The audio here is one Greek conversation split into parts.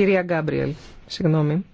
Κυρία Γκάμπριελ, συγγνώμη.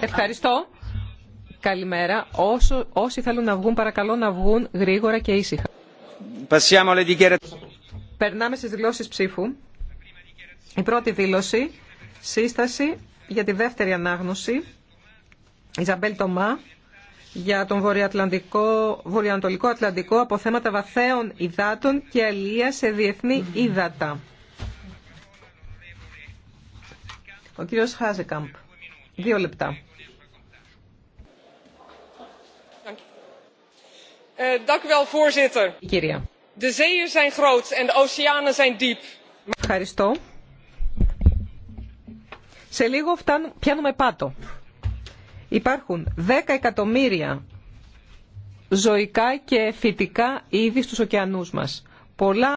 Ευχαριστώ. Καλημέρα. Όσο, όσοι θέλουν να βγουν, παρακαλώ να βγουν γρήγορα και ήσυχα. Περνάμε στις δηλώσεις ψήφου. Η πρώτη δήλωση, σύσταση για τη δεύτερη ανάγνωση, Ιζαμπέλ Τομά, για τον βορειοατλαντικό, βορειοανατολικό Ατλαντικό από θέματα βαθέων υδάτων και αλία σε διεθνή ύδατα. Ο κύριος Χάζεκαμπ. Δύο λεπτά. Ευχαριστώ. Σε λίγο πιάνουμε πάτο. Υπάρχουν 10 εκατομμύρια ζωικά και φυτικά είδη στους ωκεανούς μας. Πολλά